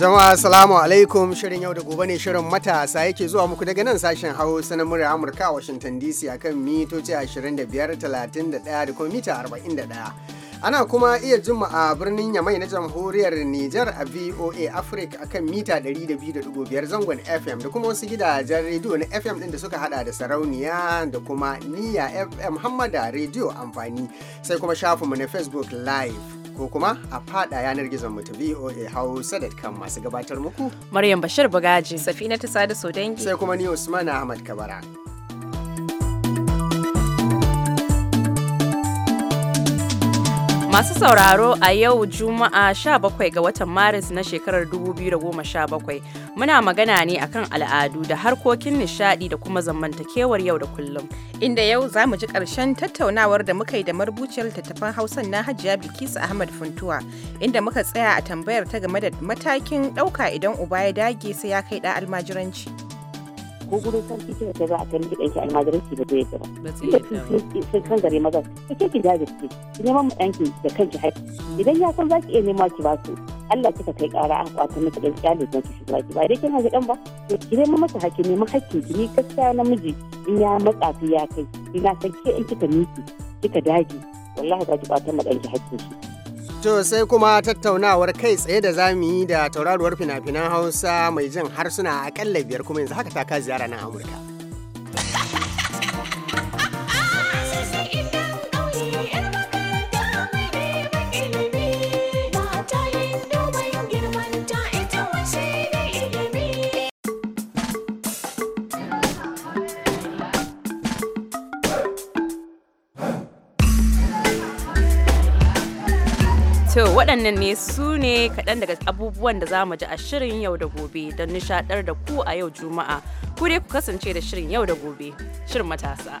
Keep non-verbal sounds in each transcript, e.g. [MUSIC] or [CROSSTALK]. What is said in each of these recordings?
Jama'a salamu alaikum shirin yau da gobe ne shirin matasa yake zuwa muku daga nan sashen Hausa na murya Amurka a Washington DC akan mitoci 25, 31 da kuma mita 41. Ana kuma iya jima a birnin Yamai na jamhuriyar Nijar a VOA Africa akan mita 102.5 zangon FM da kuma wasu gidajen rediyo na FM din da suka hada da sarauniya da kuma niya FM Hamada rediyo amfani sai kuma shafinmu na Facebook Live. ko kuma a fada yanar gizon mu ta VOA kan masu gabatar muku. Maryam Bashir Bugaji. Safina so dangi. Sai kuma ni Usman Ahmad Kabara. Masu sauraro a yau Juma'a 17 ga watan Maris na shekarar 2017 muna magana ne akan al'adu da harkokin nishadi da kuma zamantakewar yau da kullum. inda yau za mu ji ƙarshen tattaunawar da muka yi da marubuciyar littattafan hausan na hajiya bilkisu ahmad funtuwa inda muka tsaya a tambayar ta game da matakin ɗauka idan uba ya dage sai ya kai ɗa almajiranci. ko gurin sarki ce ta za a kalli ɗanki almajiranci ba zai yadda ba. Sun kan gare maza ta ke da jajirce ki neman mu ɗanki da kanki haƙƙi idan ya san za ki iya nema ki ba su Allah kika kai ƙara an kwato miki ɗan kyale don ki shiga ki ba dai kin haɗu ba to ki nema masa haƙƙi neman haƙƙin ki ni gaskiya namiji in ya matsa matsafi ya kai ina san ke in kika miki kika dage wallahi za ki ɓata ma ɗanki haƙƙin shi. To sai kuma tattaunawar kai tsaye da zamu yi da tauraruwar fina-finan Hausa mai jin harsuna a biyar kuma yanzu haka ta ka ziyara nan Amurka. waɗannan ne su ne kaɗan daga abubuwan da za mu ji a shirin yau da gobe don nishaɗar da ku a yau juma'a ku dai ku kasance da shirin yau da gobe shirin matasa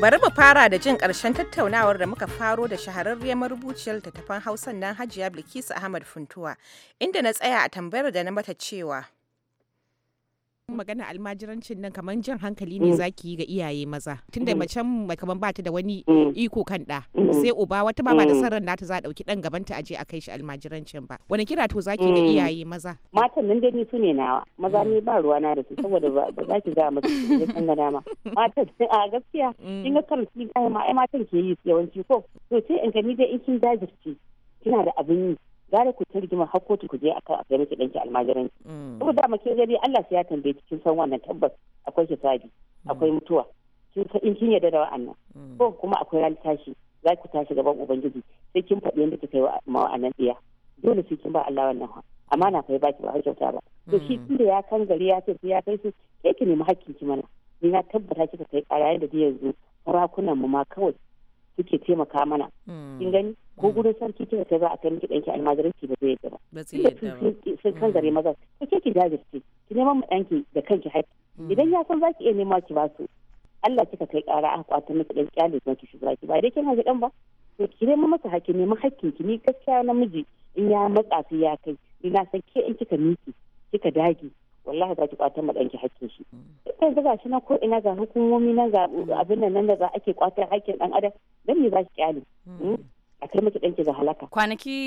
bari mu fara da jin ƙarshen tattaunawar da muka faro da shahararriyar marubuciyar littattafan hausan nan hajiya bilkisu ahmad funtuwa inda na tsaya a tambayar da na mata cewa magana almajirancin nan kamar jan hankali ne mm. zaki yi ga iyaye maza tunda mm. macen kamar ba ta da wani mm. iko kan da sai uba wata ba da sarran nata za a dauki dan gaban ta aje a kai shi almajirancin ba wani kira to zaki ga iyaye maza matan nan dai su ne nawa maza ne ba ruwa na da su saboda ba za ki ga masu ne kan da dama matan a gaskiya kin ga karanci ma ai matan ke yi yawanci ko to sai in ga ni dai in kin dajirce kina da abin yi gara ku rigima har kotu ku je akan a kai ki danki almajiranci mm. saboda da muke gani Allah sai ya tambaye cikin san wannan tabbas akwai hisabi mm. akwai mutuwa kin in kin yarda da wa'annan mm. ko kuma akwai ran tashi za ku tashi gaban ubangiji sai kin faɗi yadda kika yi ma wa'annan tsiya dole sai kin ba Allah wannan ha. amma na kai baki ba har kyauta ba to shi tunda ya kan gari ya ce ya kai su ke ki nemi hakkin ki mana ni na tabbata kika kai ƙara yadda yanzu sarakunan mu ma kawai suke taimaka mana hmm. kin gani ko hmm. gurin sarki ta ta za a kai miki danki almajiranci ba zai yadda ba ba zai yadda ba sun kan gare hmm. maza ko ke ki jajirce ki neman mu ɗanki da kanki haifi idan ya san za ki iya nema ki ba su Allah kika kai kara a kwatan miki ɗan ƙyale don ki shugaba ki ba dai kin haji ɗan ba to ki neman masa haƙƙi neman hakkin ki ni gaskiya namiji in ya matsa su ya kai ina san ke in kika miki kika dage wallahi za ki kwatar ma danki hakkin shi mm. kai ga shi na ko ina ga hukumomi na ga mm. abin nan nan da za ake kwatar hakkin dan adam dan me za ki kyale mm. a kai miki danki ga halaka kwanaki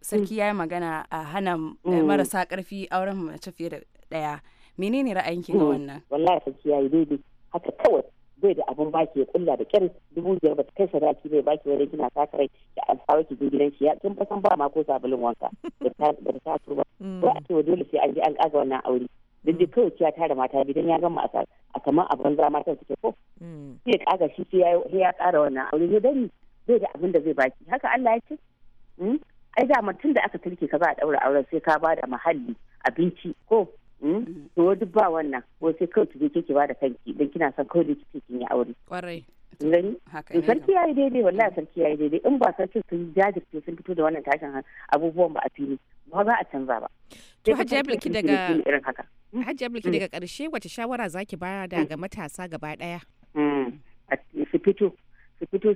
sarki yayi magana a hana marasa karfi auren mace fiye da daya menene ra'ayinki ga wannan wallahi sarki yayi daidai haka kawai bai da abun baki ya kulla da kyar dubu biyar ba ta kai sadaki bai baki wani gina takarai da an sawa ki je gidan shi ya kin fasan ba ma ko sabulun wanka da ta da ta ba ba mm. a cewa dole sai an je an kaga wannan aure duk duk kawai ya tara mata gidan ya gama a kamar a banza mata suke ko mm. sai ya kaga shi sai ya kara wannan aure ne dani bai da abin da zai baki haka Allah ya ce hmm? ai da tun da aka turke ka za a daura auren sai ka ba da muhalli abinci ko Hmm? Mm. to wa duk ba wannan wai sai kawai ki je ki ba da kanki don kina son kawai ki kin yi aure kwarai gani sarki yayi daidai wallahi sarki yayi daidai in ba sarki sun jajirce sun fito da wannan tashin abubuwan ba a fili ba za a canza ba to hajji bilki daga irin haka hmm? bilki hmm. daga karshe wace shawara zaki bayar da ga matasa gaba daya su fito su fito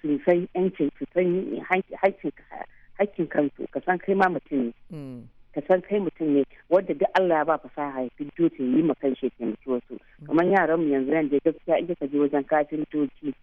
su san yancin su san hakkin kansu ka san kai ma mutum ne ka san kai mutum ne wadda duk Allah ya ba fasaha ya fito ta yi ma kan taimaki wasu kamar yaran mu yanzu nan da gaskiya in ka je wajen kafin toki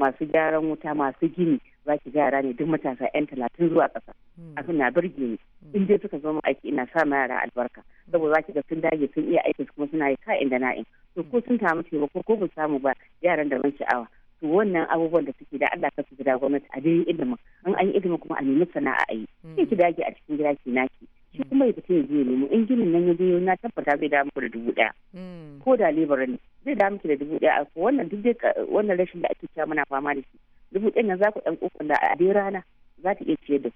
masu gyaran wuta masu gini za ki gyara ne duk matasa yan talatin zuwa ƙasa hmm. abin na birge ni hmm. in dai suka zama aiki ina sa ma yara albarka hmm. saboda za ki ga sun dage sun iya aiki kuma suna yi inda na na'in to ko sun samu taimako ko ba samu ba yaran da ban sha'awa to wannan abubuwan da suke da Allah ka su gida gwamnati a dai ilimin in an yi ilimin kuma a nemi sana'a a yi sai ki dage a cikin gida ki naki shi kuma ya fita ya nemo in ginin nan ya biyo na tabbata zai da muku da dubu ɗaya hmm. ko da lebura ne zai da muku da dubu daya ko wannan duk dai wannan rashin da ake cewa muna fama da shi dubu ɗaya na za ku ɗan kokon da a dai rana za ta iya ciyar da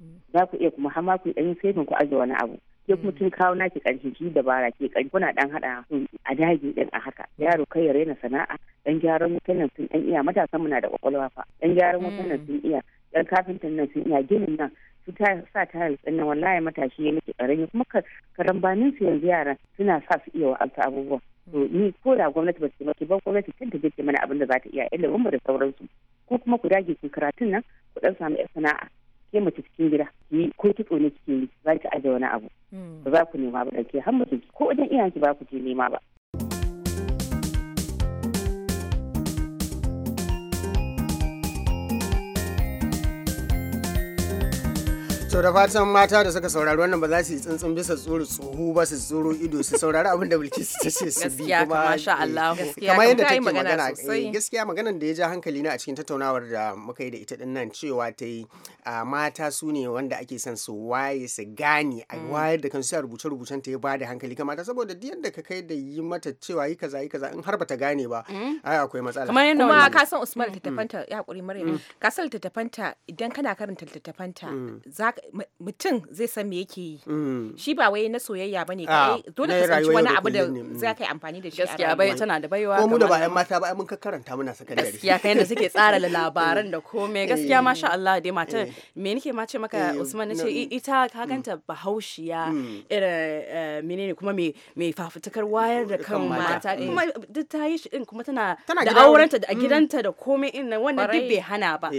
hmm. za ku iya kuma hama ku ɗan sai ku aje wani abu ke kuma tun hmm. kawo naki ƙarshen shi bara ke ƙarshen kuna ɗan haɗa a dage ɗin a haka yaro kai ya raina sana'a ɗan gyaran mutanen sun ɗan iya matasan muna da kwakwalwa fa ɗan gyaran mutanen nan sun iya dan kafintan nan sun iya ginin nan su sa tiles din nan wallahi matashi ya nake karami kuma karambanin su yanzu yara suna sa su iya wa'alta abubuwa to ni ko da gwamnati ba su maki ba gwamnati kan ta jike mana abin da za ta iya ilimin mu da sauransu ko kuma ku dage kun karatun nan ku dan samu yan sana'a ke mace cikin gida ni ko kitso ne kike yi za ki aje wani abu hmm. ba za ku nema ba da ke har ko wajen iyayen ki ba ku je nema ba To da fatan mata da suka saurari wannan ba za su yi tsantsin bisa tsoro tsohu ba su tsoro ido su saurari abin da bilki ta ce su bi kuma masha eh, Allah eh, kamar yadda take magana eh, gaskiya maganar da ya ja hankali na a cikin tattaunawar da muka yi da ita din nan cewa ta yi mata su ne wanda ake son su waye su gane a mm. wayar da kansu rubuce rubucen ta ya ba da hankali kamata saboda duk yadda ka kai da yi mata cewa yi kaza yi kaza in har bata gane ba mm. ai akwai matsala kuma ka san mm, Usman ta tafanta ya hakuri Maryam ka san ta tafanta idan kana karanta ta tafanta mutum zai san me yake yi mm. shi ba wai na soyayya bane ah, kai dole ka san wani abu da za ka yi amfani da shi gaskiya bai tana da baiwa ko mu da bayan mata ba mun ka karanta muna sakandare gaskiya kai yadda suke tsara [LAUGHS] labaran da komai eh. gaskiya masha Allah dai matar eh. me nake ma ce maka eh, Usman nace ita ka mm. ganta bahaushiya mm. irin menene kuma me me fafutukar wayar da kan mata kuma duk ta yi shi din kuma tana da aurenta da gidanta da komai din nan wannan duk bai hana ba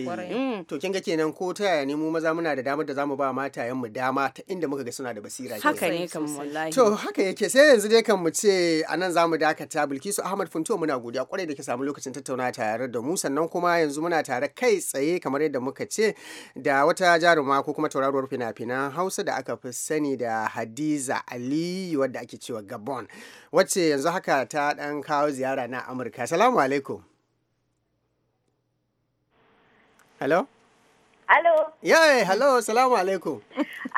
to kin ga kenan ko ta yaya ne mu maza muna da damar da zamu ba matayenmu dama ta inda muka ga suna da basira haka ne kan wallahi to haka yake sai yanzu dai kan mu ce anan zamu dakata Bilkisu Ahmad Funto muna godiya kwarai da ke samu lokacin tattaunawa tare da mu sannan kuma yanzu muna tare kai tsaye kamar yadda muka ce da wata jaruma ko kuma tauraruwar fina-finan Hausa da aka fi sani da Hadiza Ali wadda ake cewa Gabon wacce yanzu haka ta dan kawo ziyara na Amurka. Assalamu alaikum. Hello? Alo. Yay, hello, salamu alaikum.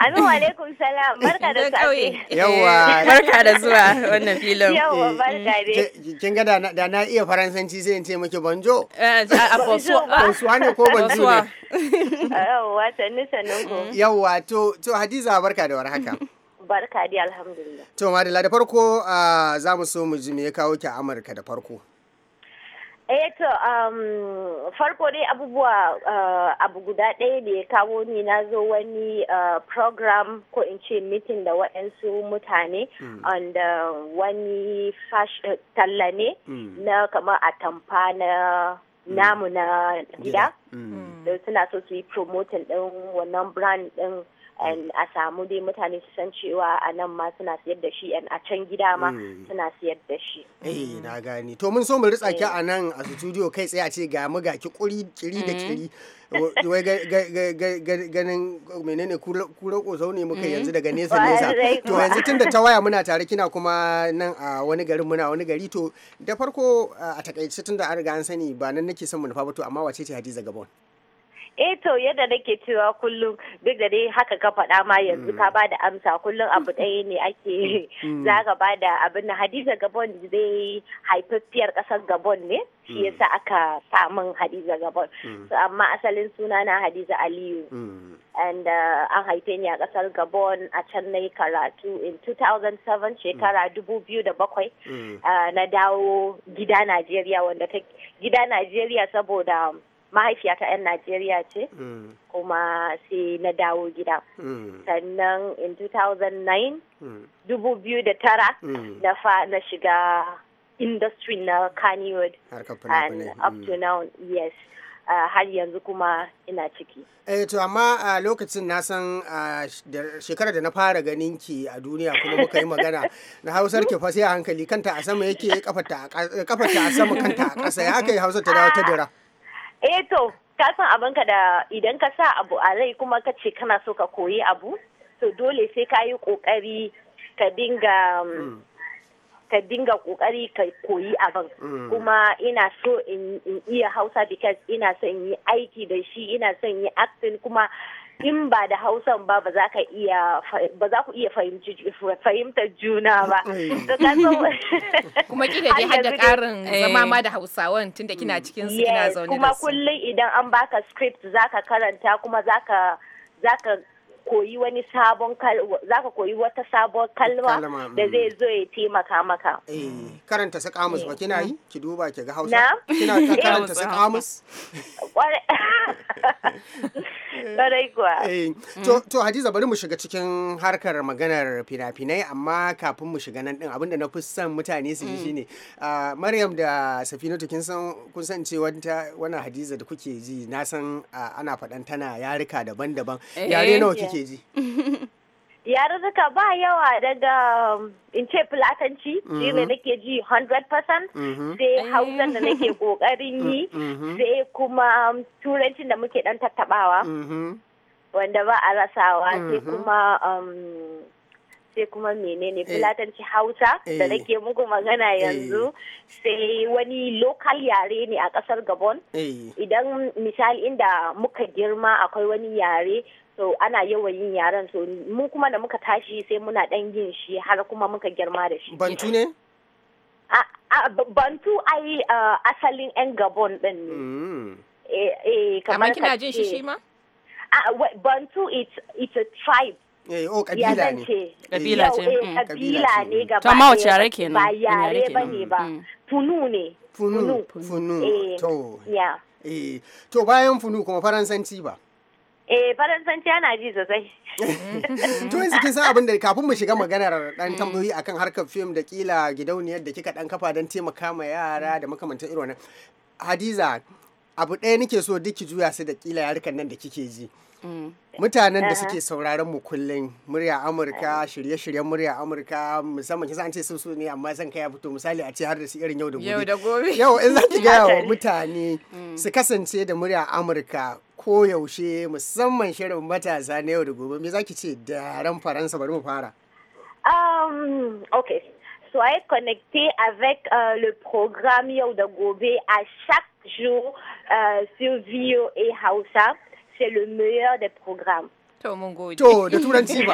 Anu alaikum salam, barka da safe. Yawwa. Eh, barka da zuwa wannan filin. Yawa, eh, barka dai. Kin ga da na iya faransanci sai in ce miki bonjo. Eh, a bonsuwa. [LAUGHS] ne ko bonjo ne? Yawwa, sannu sannu ko. Yawa, to to Hadiza barka da warhaka. Barka dai alhamdulillah. To Madalla da farko ah, za mu so mu ji me ya kawo ki Amurka da farko. Eh to um, farko dai abubuwa uh, abu guda ɗaya da ya kawo ni na zo wani uh, program ko in ce meeting da waɗansu mutane mm. on da uh, wani uh, talla ne mm. na kamar atamfa na mm. namu na gida mm. da suna so su yi promoting ɗin wannan brand ɗin a samu dai mutane su san cewa a nan ma suna siyar da shi a can gida ma mm. suna siyar da shi eh na gani to mun so mu ritsa ki eh. a nan a studio kai tsaye a ce ga mu ga ki kuri kiri da mm. kiri wai ganin menene kura kozo ne muka yanzu mm. daga nesa nesa to yanzu tunda ta waya muna tare kina kuma nan a wani garin muna wani gari to da farko a takaice tunda an riga an sani ba nan nake son mu nufa ba to amma wace ce Hadiza Gabon eh to yadda nake cewa kullum duk da dai haka ka faɗa ma yanzu ka mm. bada amsa kullum abu ɗaya ne ake mm. [LAUGHS] za ka bada abin da hadiza gabon dai haifaffiyar ƙasar gabon ne shi mm. yasa aka samun hadiza gabon amma asalin suna na hadiza aliyu and uh, an haife ni a ƙasar gabon a can na karatu in 2007 shekara 2007 uh, na dawo gida najeriya wanda ta gida najeriya saboda mahaifiyata 'yan Najeriya ce mm. kuma sai na dawo gida. Mm. Sannan in 2009, tara mm. na fa na shiga industry na Kannywood and up to now yes. Uh, har yanzu kuma ina ciki. Eh to amma uh, lokacin na san uh, shekarar da na fara ganin ki a duniya kuma muka yi magana [LAUGHS] na hausar ke fasiya hankali kanta a sama yake kafata a sama kanta a kasa ya haka yi hausar ta dawo ta dira. eh to ka san ka da idan ka sa abu a rai kuma ka ce kana so ka koyi abu to dole sai ka yi kokari ka dinga mm. ka dinga kokari ka koyi abin mm. kuma ina so in iya hausa because ina son yi aiki da shi ina son yi acting kuma in ba da hausan ba ba za iya ku iya fahimtar juna ba [LAUGHS] kuma kila dai har da karin eh. zama ma da hausawan tunda kina mm. cikin su kina zaune da su kuma kullum idan an baka script zaka karanta kuma za ka koyi wani sabon za ka koyi wata sabon kalma da zai mm. zo ya taimaka maka. Eh, karanta su kamus ba eh. kina yi? Ki duba ki ga Hausa. Kina ta [LAUGHS] karanta su kamus? [LAUGHS] Eh, to, Hadiza bari mu shiga cikin harkar maganar fina-finai amma kafin mu shiga nan din abinda na fi son mutane su ji mm. shine ah, Maryam da Safinatu kin san kun san ce wata wannan Hadiza da kuke ji na san ah, ana faɗan tana yarika daban-daban. Yare nawa kike kake ji? [LAUGHS] yarurruka ba yawa daga um, in ce fulatanci shi ne mm-hmm. nake ji 100% mm-hmm. sai hausa da nake kokarin mm-hmm. yi sai kuma um, turancin da muke dan tattabawa wanda ba a rasawa sai kuma um, sai kuma menene eh. fulatanci hausa da eh. nake muku magana eh. yanzu sai wani lokal yare ne a kasar gabon idan misali inda muka girma akwai wani yare so ana yawan yin yaren so mu kuma da muka tashi sai muna dan yin shi har kuma muka girma da shi bantu ne bantu ai asalin yan gabon din ne mm. eh, eh, kamar kina jin shi shi ma bantu it's a tribe Eh, oh, kabila ne. Eh, mm. Kabila ce. Kabila ne gaba. Ta mawace yare kenan. Ba yare ba ne mm. ba. Funu ne. Funu. Funu. To. Ya. Eh, to bayan funu kuma faransanci ba. Eh faransanci ana ji sosai. To yanzu kin san abin da kafin mu shiga maganar dan tambayoyi akan harkar fim da kila gidauniyar da kika dan kafa dan taimaka ma yara da makamanta irin wannan. Hadiza abu ɗaya nake so duk ki juya su da kila yarukan nan da kike ji. mutanen da suke sauraron mu kullum murya amurka shirye-shiryen murya amurka musamman kisa an ce sun su ne amma zan kai ya fito misali a ce har da su irin yau da gobe yau da gobe yau in za ki [LAUGHS] gaya wa mutane mm. su kasance da murya amurka ko yaushe musamman shirin matasa na yau da gobe me za ki ce da ran faransa bari mu fara um okay soyez connecté avec euh, le programme Yau da Gobe a chaque jour euh, sur VOA Hausa. c'est le meilleur des programmes. To mun gode. To da turanci ba.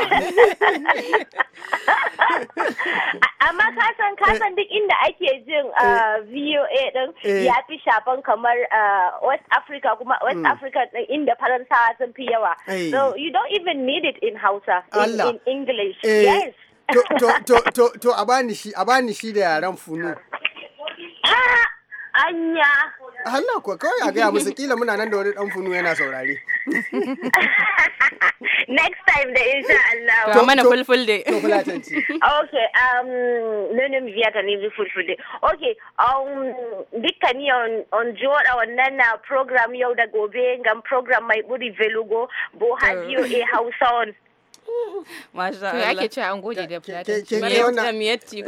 Amma kasan kasan duk inda ake jin eh. ah, VOA din eh. ya fi shafan kamar ah, West Africa kuma West mm. Africa din inda Faransawa sun fi yawa. Eh. So you don't even need it in Hausa in, in English. Yes. To to to to to a bani shi a bani shi da yaren funu. [LAUGHS] Ah anya. Allah ko kawai a gaya musu kila muna nan da wani dan funu yana saurare. [LAUGHS] Next time da insha Allah. To mana fulful day. To fulatanci. [LAUGHS] Okay, um nene biya ta ne vi fulful day. Okay, um dukkan ni on on joda wannan na program yau da gobe ngam program mai buri velugo bo hajiyo oh. e Hausa on. [LAUGHS] Masha Allah. To yake ce an gode da Ke ke miyetti.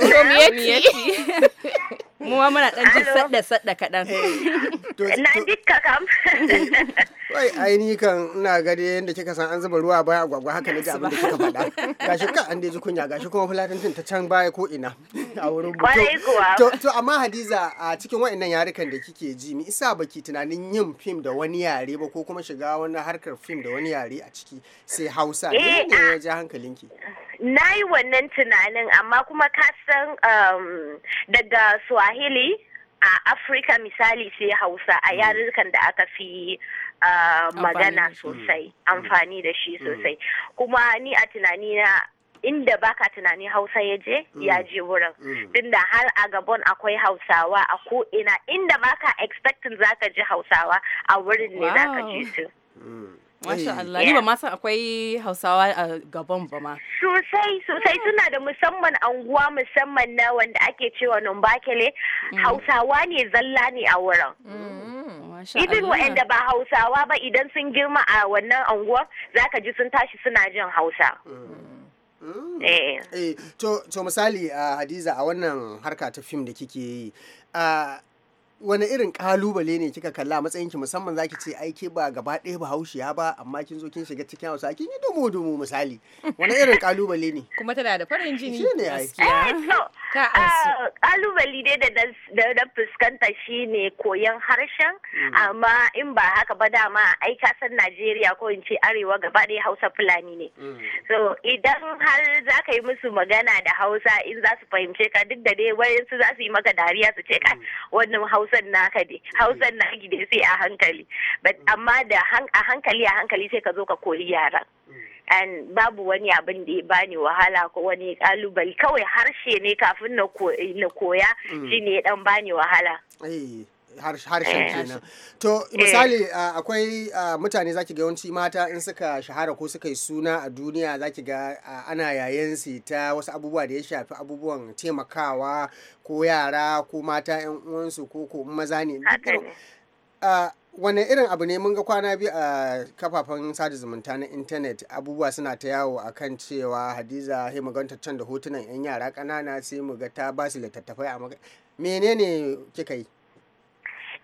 mu ma muna dan jin sadda sadda kaɗan eh. [LAUGHS] na dikka kam eh. wai ainihi kan ina gani yadda kika san an zuba ruwa baya gwagwa haka ne abin da kika faɗa gashi ka an ji kunya gashi kuma fulatantin ta can baya ko ina [LAUGHS] a wurin to amma hadiza a cikin wa'annan yarukan da kike ji mi isa baki tunanin yin fim da wani yare ba ko kuma shiga wani harkar fim da wani yare a ciki sai hausa eh, ne ya ji hankalinki na yi wannan tunanin amma kuma ka san um, daga swahili a afirka misali sai hausa a mm. yarurkan da aka fi uh, magana sosai mm. amfani da shi mm. sosai kuma ni a tunani na inda baka tunani hausa ya je ya je wurin tunda har a gabon akwai hausawa a ko ina inda baka expecting zaka ji hausawa a wurin ne zaka je su Masha eh, Allah, ni ba ma san akwai Hausawa a gaban ba ma. Sosai, sosai suna da musamman anguwa musamman na wanda ake cewa Numbakele, mm. Hausawa ne zalla ne a wurin. Ibin mm, waɗanda ba Hausawa ba idan sun girma a wannan anguwar zaka ji sun tashi suna jin Hausa. Mm. Eh. Eh, to misali uh, Hadiza a wannan harka ta fim da kike yi. Uh, wani irin kalubale ne kika kalla matsayin ki musamman zaki ce aiki ba gaba ɗaya ba haushiya ba amma kin zo kin shiga cikin hausa kin yi dumu dumu misali wani irin kalubale ne kuma tana da farin jini shi ne ya eh, kalubale uh, dai da da fuskanta shine koyon harshen hmm. amma in ba haka ba dama ai ka san Najeriya ko in ce arewa gaba ɗaya Hausa Fulani ne hmm. so idan har zaka yi musu magana da Hausa in za su fahimce ka duk da dai wayansu za su yi maka dariya su ce ka hmm. wannan Hausa hausan naka dai hausan mm. na gida sai a hankali mm. amma da a hankali a hankali sai ka zo ka koyi yaran mm. and babu wani abin da ya bani wahala ko wani kalubale kawai harshe ne kafin na koya shine ya dan bani wahala eh. harshen eh. kenan to eh. misali akwai mutane zaki ga yawanci mata in suka shahara ko suka yi suna a duniya zaki ga ana yayan su ta wasu abubuwa da ya shafi abubuwan taimakawa ko yara ko mata yan uwansu ko ko maza ne wane irin abu ne mun ga kwana biyu a kafafen sada zumunta na intanet abubuwa suna ta yawo a kan cewa hadiza sai mu can da hotunan yan yara kanana sai mu ga ta basu littattafai a mene menene kika yi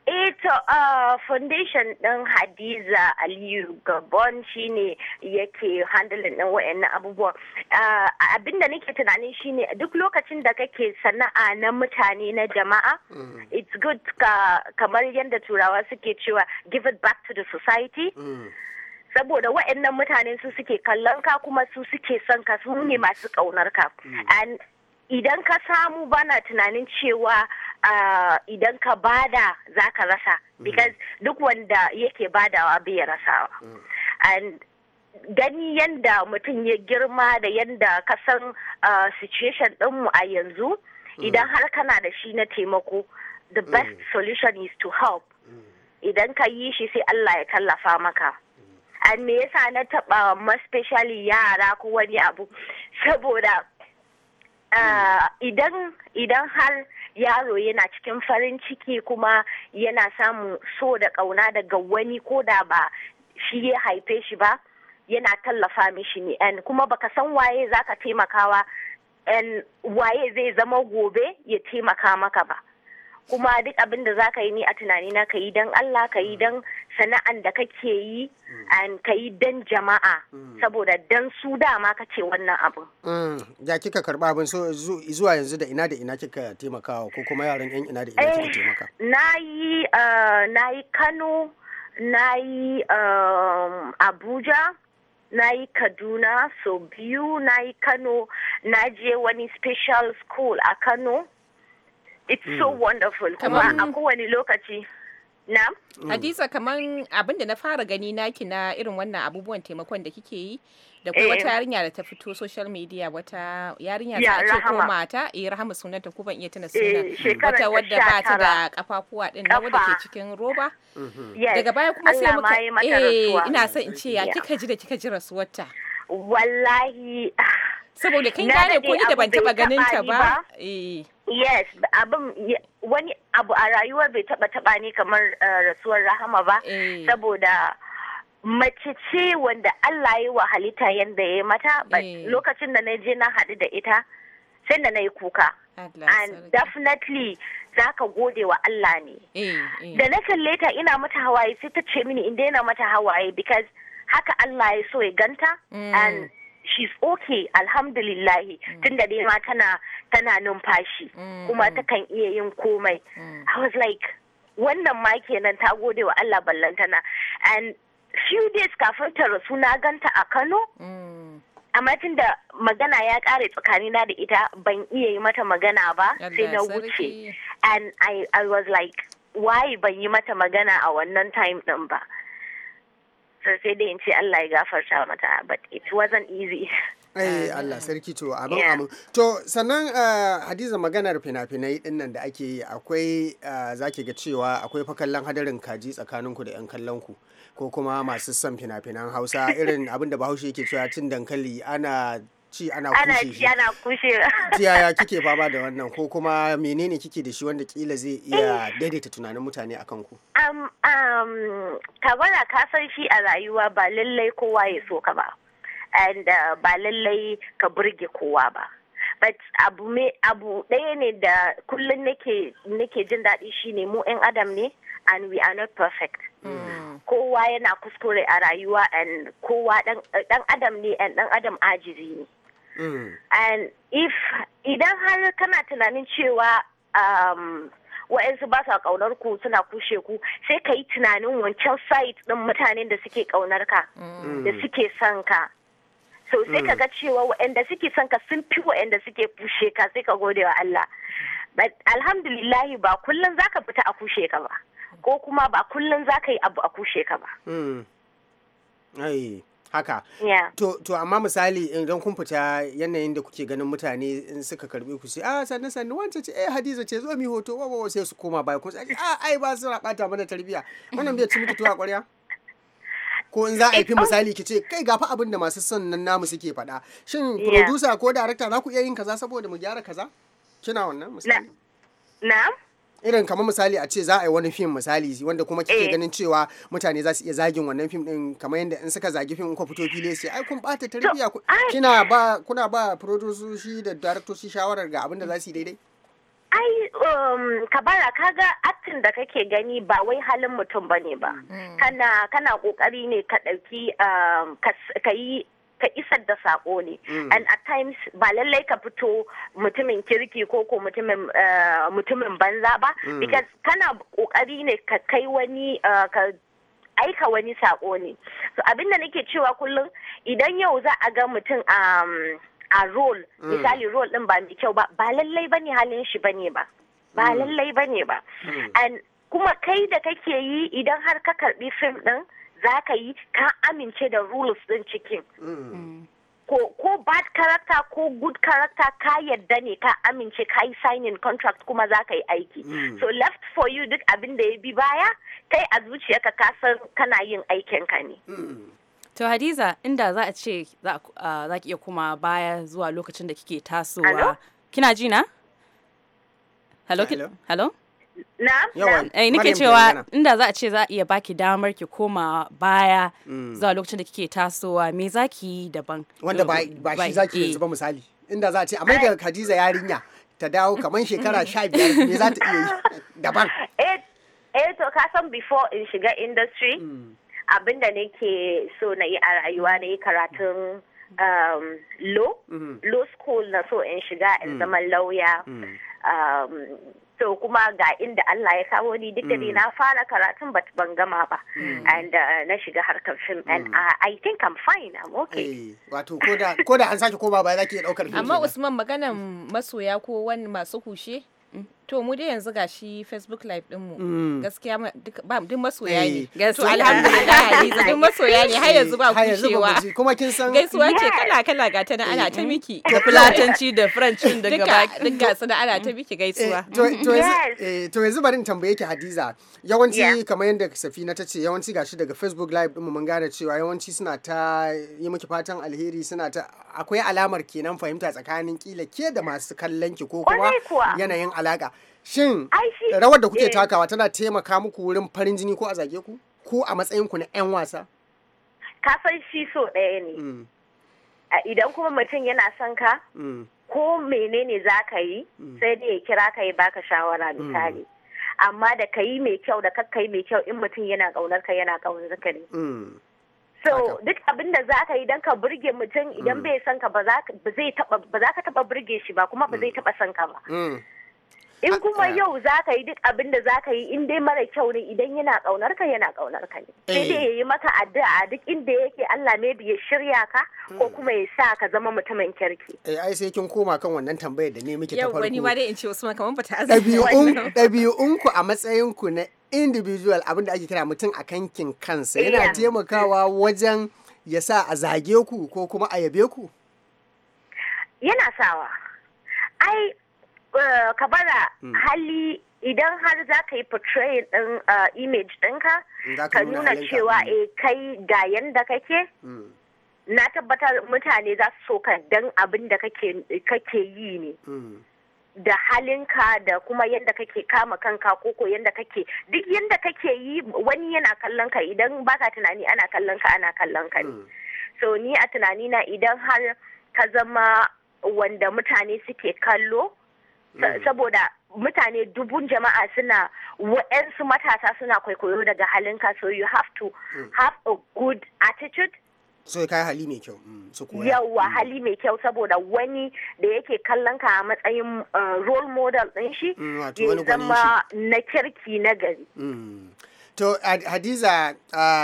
Ito eh, uh, foundation ɗin Hadiza Aliyu Gabon shine yake handling ɗin wa'annan abubuwa Uh, Abin da nake tunanin shine duk lokacin da kake sana'a na mutane na jama'a, mm. it's good ka, kamar yadda turawa suke cewa give it back to the society. Mm. saboda waɗannan mutane su suke kallon ka kuma su suke son ka su ne masu ƙaunar ka mm. idan ka samu bana tunanin cewa idan ka bada za ka rasa mm. because duk wanda yake badawa bai rasawa mm. and gani yanda mutum ya girma da yanda ka san situation ɗinmu a yanzu mm. idan har kana da shi na taimako the best solution is to help idan ka yi shi sai Allah ya tallafa maka and me yasa na taɓa ma specially yara ko wani abu saboda idan har yaro yana cikin farin ciki kuma yana samun so da kauna daga wani ko da ba shi ya haife shi ba yana tallafa mishi ne kuma baka san waye zaka taimakawa and waye zai zama gobe ya taimaka maka ba kuma duk abin da za ka yi ni a tunani na ka yi don Allah ka yi don sana'an da kake yi mm. an ka yi dan jama'a mm. saboda dan su dama ka ce wannan abin. Mm. Ya kika karba abin so zuwa yanzu da ina da ina kika taimakawa ko kuma yaran yan ina da ina kika eh, taimaka? Na yi eh, na Kano, na yi um, Abuja, na yi Kaduna, so biyu na yi Kano, na je wani special school a Kano. It's so wonderful kuma a kowane lokaci. Mm. Hadiza kamar abin da na fara gani naki na irin wannan abubuwan taimakon da kike yi da kuma eh. wata yarinya da ta fito social media wata yarinya ta ake ko mata eh rahama sunanta ko ban iya tana sunan eh, wata wadda ba ta da kafafuwa din na wadda ke cikin roba mm-hmm. daga baya kuma sai muka eh ina son in ce ya kika ji da kika ji rasuwarta wallahi ah, saboda kin gane ko ni da ban taba ganin ta ba eh Yes, abin wani abu a rayuwa bai taba taba ne kamar eh, rasuwar rahama ba eh. saboda mace ce wanda Allah ya wa halitta yanda ya mata eh. lokacin da na je na haɗu da ita sai da na yi kuka. And definitely za ka gode wa Allah ne. Da na kalle ta ina mata hawaye sai ta ce mini in daina mata hawaye because haka Allah ya so ya ganta mm. and she's okay alhamdulillah mm. tunda dai ma tana tana numfashi mm, kuma mm. takan iya yin komai i was like wannan ma kenan ta gode wa Allah ballantana and few days kafin ta rasu na ganta a Kano amma tun da magana ya kare tsakanina da ita ban iya yi mata magana ba sai na wuce and I, I was like why ban yi mata magana a wannan time din ba so sai dai in ce Allah ya gafarta mata but it wasn't easy [LAUGHS] ai mm. Allah sarki to abin amu. to sannan uh, hadiza maganar fina-finai din nan da ake yi akwai uh, zaki ga cewa akwai fa hadarin kaji tsakanin ku da yan kallon ku ko kuma masu son fina-finan Hausa irin abin da Bahaushe yake cewa cin dankali ana ci ana kushe ana kushe yaya kike fama da wannan ko kuma menene kike da shi wanda kila zai iya eh. daidaita tunanin mutane akan ku um um ka san shi a rayuwa ba lallai kowa ya so ka ba and uh, ba lallai ka burge kowa ba but abu me abu ɗaya ne da kullum nake nake jin daɗi shine mu ɗan adam ne and we are not perfect hmm. kowa yana kuskure a rayuwa and kowa dan adam ne and dan adam ajizi ne Mm. idan har kana tunanin cewa um, wa'yansu ba sa ƙaunar ku suna kushe ku sai ka yi tunanin wancan site ɗin mutanen da suke kaunar ka mm. da suke son ka so sai mm. ka ga cewa wa'yanda suke son ka sun fi wa'yanda suke kushe ka sai ka gode wa Allah but alhamdulillahi ba kullum zaka fita a kushe ka ba ko kuma ba kullum zaka yi abu a kushe ka ba haka to, amma misali idan kun fita yanayin da kuke ganin mutane in suka karbe ku sai a ah, sannan wancan ce eh hadiza ce zo mi hoto wa wa sai su koma baya kun sai a ah, ai ba su rabata mana tarbiya wannan bai ci miki tuwa ƙwarya ko in za a yi eh, misali ki ce kai gafa abin da masu son nan namu suke faɗa shin producer ko director za ku iya yin kaza saboda mu gyara kaza kina wannan misali na'am irin kamar misali a ce za a yi wani fim misali wanda kuma kike eh. ganin cewa mutane za su iya zagin wannan fim din kamar yadda in suka zagi fim in fito fili sai ai kun bata tarbiya kina ba kuna ba producer da director shawarar ga abin da za su yi daidai ai um, kabara kaga aktin da kake gani ba wai halin mutum bane ba mm. kana kana kokari ne ka ɗauki um, ka yi ka isar da sako ne mm. and at times ba lallai ka fito mutumin kirki ko ko mutumin eh, banza ba mm. because kana kokari ne ka kai wani eh, ka aika wani sako ne so abinda nake cewa kullum idan yau za a ga mutum a um, a role mm. misali role din ba mai kyau ba ba lallai bane halin shi bane ba ba lallai bane ba and kuma kai da kake yi idan har ka karbi fim din zaka yi ka amince da rules din cikin mm. Mm. ko bad character ko good character ka yadda ne ka amince ka yi signing contract kuma za ka yi aiki mm. so left for you duk abin da ya bi baya kai a zuciyarka ka san kana yin aikin ka ne to hadiza inda za a ce za ki iya kuma baya zuwa lokacin da kike tasowa kina ji na hello, hello? Na? Eh, cewa inda za a ce za a iya baki damar ki koma baya mm. zuwa lokacin da kike tasowa me za ki yi daban. Wanda ba shi za ki eh. yanzu ba misali. Inda za a ce amma mai Khadija yarinya ta dawo kamar shekara mm. sha biyar me za ta iya yi [LAUGHS] daban. Eh, eh to ka san before in shiga industry mm. abin da nake so na yi a rayuwa na yi karatun um, law, mm-hmm. law school na so in shiga in zama lauya. to kuma ga inda Allah ya kawo ni duk da ni mm. na fara karatun but ban gama ba mm. and uh, na shiga harkar film and mm. I think I'm fine I'm okay eh, wato ko da an sake koma ba zaki daukar amma Usman maganan masoya ko wani masu hushe to mu dai yanzu ga shi facebook live dinmu mm. gaskiya duk masoya eh, ne to alhamdulillah hadiza duk masoya ne har yanzu ba cewa. kuma kin san gaisuwa ce kala kala ga ta ana ta mm-hmm. miki da fulatanci da french da gaba duk ga su ana ta miki eh, gaisuwa eh, to yanzu bari in tambaye ki hadiza yawanci kamar yadda safina ta ce yawanci gashi daga facebook live dinmu mun gane cewa yawanci suna ta yi miki fatan alheri suna ta akwai alamar kenan fahimta tsakanin kila ke da masu kallon ki ko kuma yanayin alaka Shin rawar da kuke eh. takawa tana taimaka muku wurin farin jini ko a zage ku? Ko a matsayin ku na 'yan wasa? Ka san shi so ɗaya ne. Mm. Idan kuma mutum yana son ka, mm. ko menene za ka yi, mm. sai dai ya kira ka yi baka shawara misali. Amma da ka yi mai kyau da kakka yi mai kyau in mutum yana ƙaunar ka yana ƙaunar ka ne. so duk abin da za ka yi don ka burge mutum idan bai san ka ba za ka taɓa burge shi ba kuma ba zai taɓa san ka ba in ah, kuma ah. yau za ka yi duk abin da za ka yi in dai mara kyau ne idan yana kaunar ka yana kaunar ka ne sai eh. dai yayi maka addu'a duk inda yake Allah ne ya shirya ka ko hmm. kuma ya sa ka zama mutumin kirki eh ai sai kin koma kan wannan tambayar da ne muke ta farko yau wani ma dai in ce wasu kaman bata azumi dabi'un ku a matsayin ku na individual abin da ake kira mutum a kankin kansa yana eh. taimakawa wajen ya sa a zage ku ko kuma a yabe ku yana sawa ai Eh, ka bara mm. hali idan har za ka yi portray din eh, image ɗinka ka nuna cewa mm. eh kai ga yanda kake mm. na tabbatar mutane za su so ka dan abin da kake yi ne da halinka da kuma yadda kake kama kanka ko yadda kake duk yadda kake yi wani yana kallon ka idan baka tunani ana kallon ka ana kallon ka ne so ni a tunani na idan har ka zama wanda mutane suke kallo Mm. saboda mutane dubun jama'a suna wa'yansu matasa suna kwaikwayo daga halinka so you have to mm. have a good attitude so ka yi hali mai kyau mm, su koya yawa hali mai kyau saboda wani da yake kallon ka a matsayin uh, role model ɗin shi ya zama na kirki na gari To Hadiza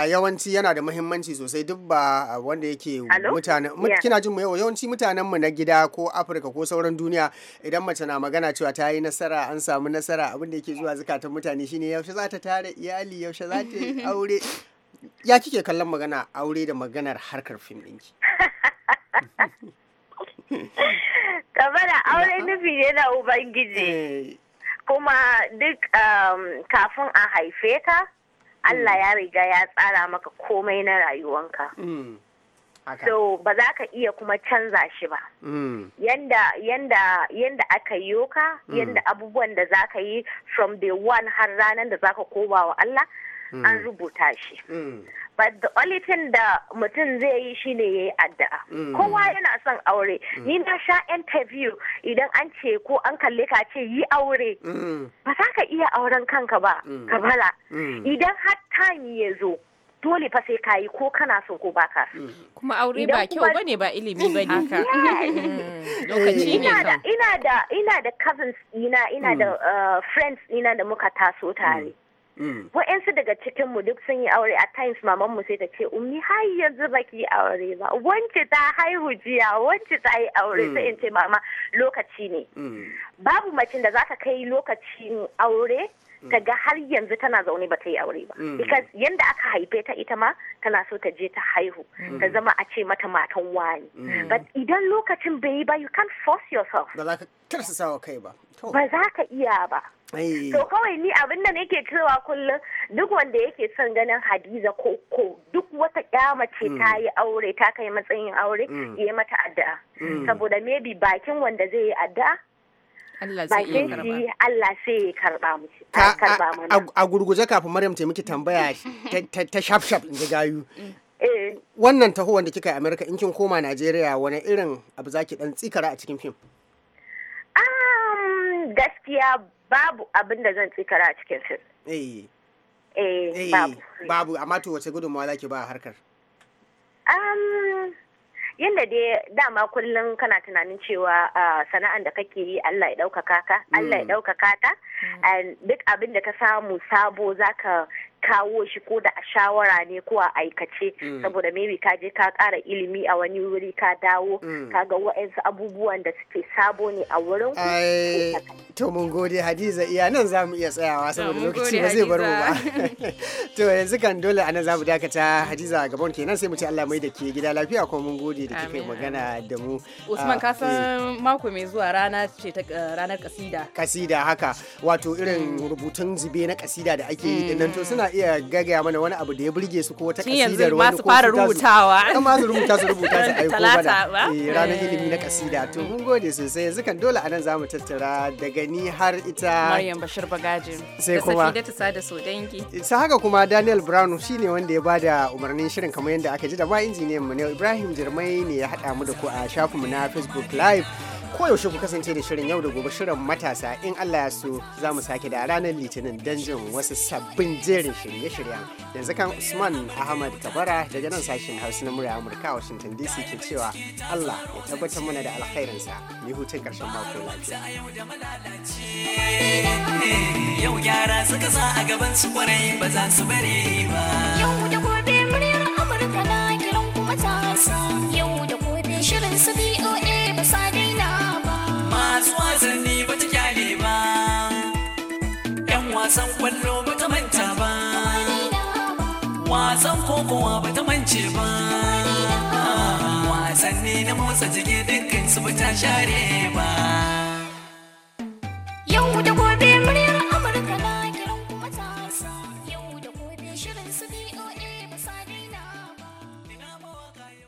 yawanci yana da muhimmanci sosai duk ba wanda yake mutanen kina jin mu yawanci mutanen mu na gida ko Afirka ko sauran duniya idan mace na magana cewa ta yi nasara an samu nasara abin da yake zuwa zukatan mutane shine yaushe za ta tare iyali yaushe za ta yi [LAUGHS] aure ya kike kallon magana aure da maganar harkar fim ɗinki. [LAUGHS] Kamar aure nufi ne na Ubangiji. Eh. Kuma duk um, kafin a haife ka, Allah ya riga ya tsara maka komai na rayuwanka. Mm. So ba za ka iya kuma canza shi ba. Mm. Yanda aka yi yoka, mm. yanda abubuwan da za ka yi from the one har ranar da za ka koma wa Allah, an rubuta shi. but the only thing da mutum zai yi shine ya yi addu'a mm. kowa yana son aure mm. ni na sha interview idan an ce ko an kalle ka ce yi aure mm. ba za ka iya auren kanka ba ka bala idan har time ya zo dole fa sai yi ko kana so ko ba baka kuma aure ba kyau bane ba ilimi [LAUGHS] ba ka lokaci eh. ne ina da ina da ina da cousins ina ina da uh, friends ina da muka taso tare Mm. wa'yansu daga cikinmu duk sun yi aure a times mamanmu sai ta ce Umi har yanzu baki yi aure ba wance ta haihu jiya wance ta yi aure mm. sai in ce mama lokaci ne mm. babu macin da zaka kai lokacin aure Ka ga har yanzu tana zaune ba ta yi aure ba because yanda aka haife ta ita ma tana so ta je ta haihu ta zama a ce mata matan wani but idan lokacin bai yi ba you can't force yourself ba za ka iya ba To kawai ni abin da nake cewa kullum duk wanda yake son ganin Hadiza ko ko duk wata mace mm. ta yi aure ta kai matsayin aure mm. ya yi mata addu'a. Mm. Saboda maybe bakin wanda zai yi addu'a bakin shi Allah sai ya karba mushi. Karba mana. A gurguje kafin Maryam ta miki tambaya ta shaf shaf in ji gayu. [LAUGHS] Eh. Wannan taho wanda kika yi Amerika in kin koma Najeriya wani irin abu zaki dan tsikara a cikin fim? Um, gaskiya babu abin da zan tsikara a cikin fim eh eh, eh babu amma to wace gudunmawa zaki ba harkar um yadda dai dama kullum kana tunanin cewa sana'an da kake yi Allah ya ɗaukaka ka Allah ya mm. ɗaukaka ta mm. duk abin da ka samu sabo zaka kawo shi ko da a shawara ne ko a aikace mm. saboda maybe ka je ka kara ilimi a wani wuri ka dawo mm. ka ga wa'ansu abubuwan da suke sabo ne a wurin to mun gode hadiza iya nan za mu iya tsayawa saboda lokaci ba zai bar mu ba [LAUGHS] to yanzu kan dole nan za mu dakata hadiza gabon kenan sai mu ce Allah mai da ke gida lafiya ko mun gode da kike magana da mu Usman ah, ka san eh. mako mai zuwa rana ce ta eh, ranar kasida kasida haka wato irin mm. rubutun zube na kasida da ake yi dinnan to suna iya gagaya mana wani abu da ya burge su ko wata kasidar wani ko fara rubutawa kan ma su rubuta su rubuta su aiko mana eh, ranar ilimi na kasida to mun gode sosai yanzu kan dole anan zamu tattara daga ni har ita Maryam Bashir Bagaji sai kuma da ta sada so dangi sai haka kuma Daniel Brown shine wanda ya bada umarnin shirin kamar yadda aka ji da ba injiniyan mu ne Ibrahim Jirmai ne ya hada mu da ku a shafin mu na Facebook live koyaushe ku kasance da shirin yau da gobe shirin matasa in Allah ya so za mu sake da ranar litinin don jin wasu sabbin jerin shirye-shiryen yanzu kan Usman Ahmad Kabara da nan sashen Hausa na murya Amurka a Washington DC ke cewa Allah ya tabbatar mana da alkhairinsa ni hutun karshen mako lafiya. Yau gyara suka sa a gaban su kwarai ba za su bare ba. Yau da gobe Amurka na kiran ku matasa. wasan kokowa ba ta mance ba wasanni na motsa jiki dukkan su ba ta share ba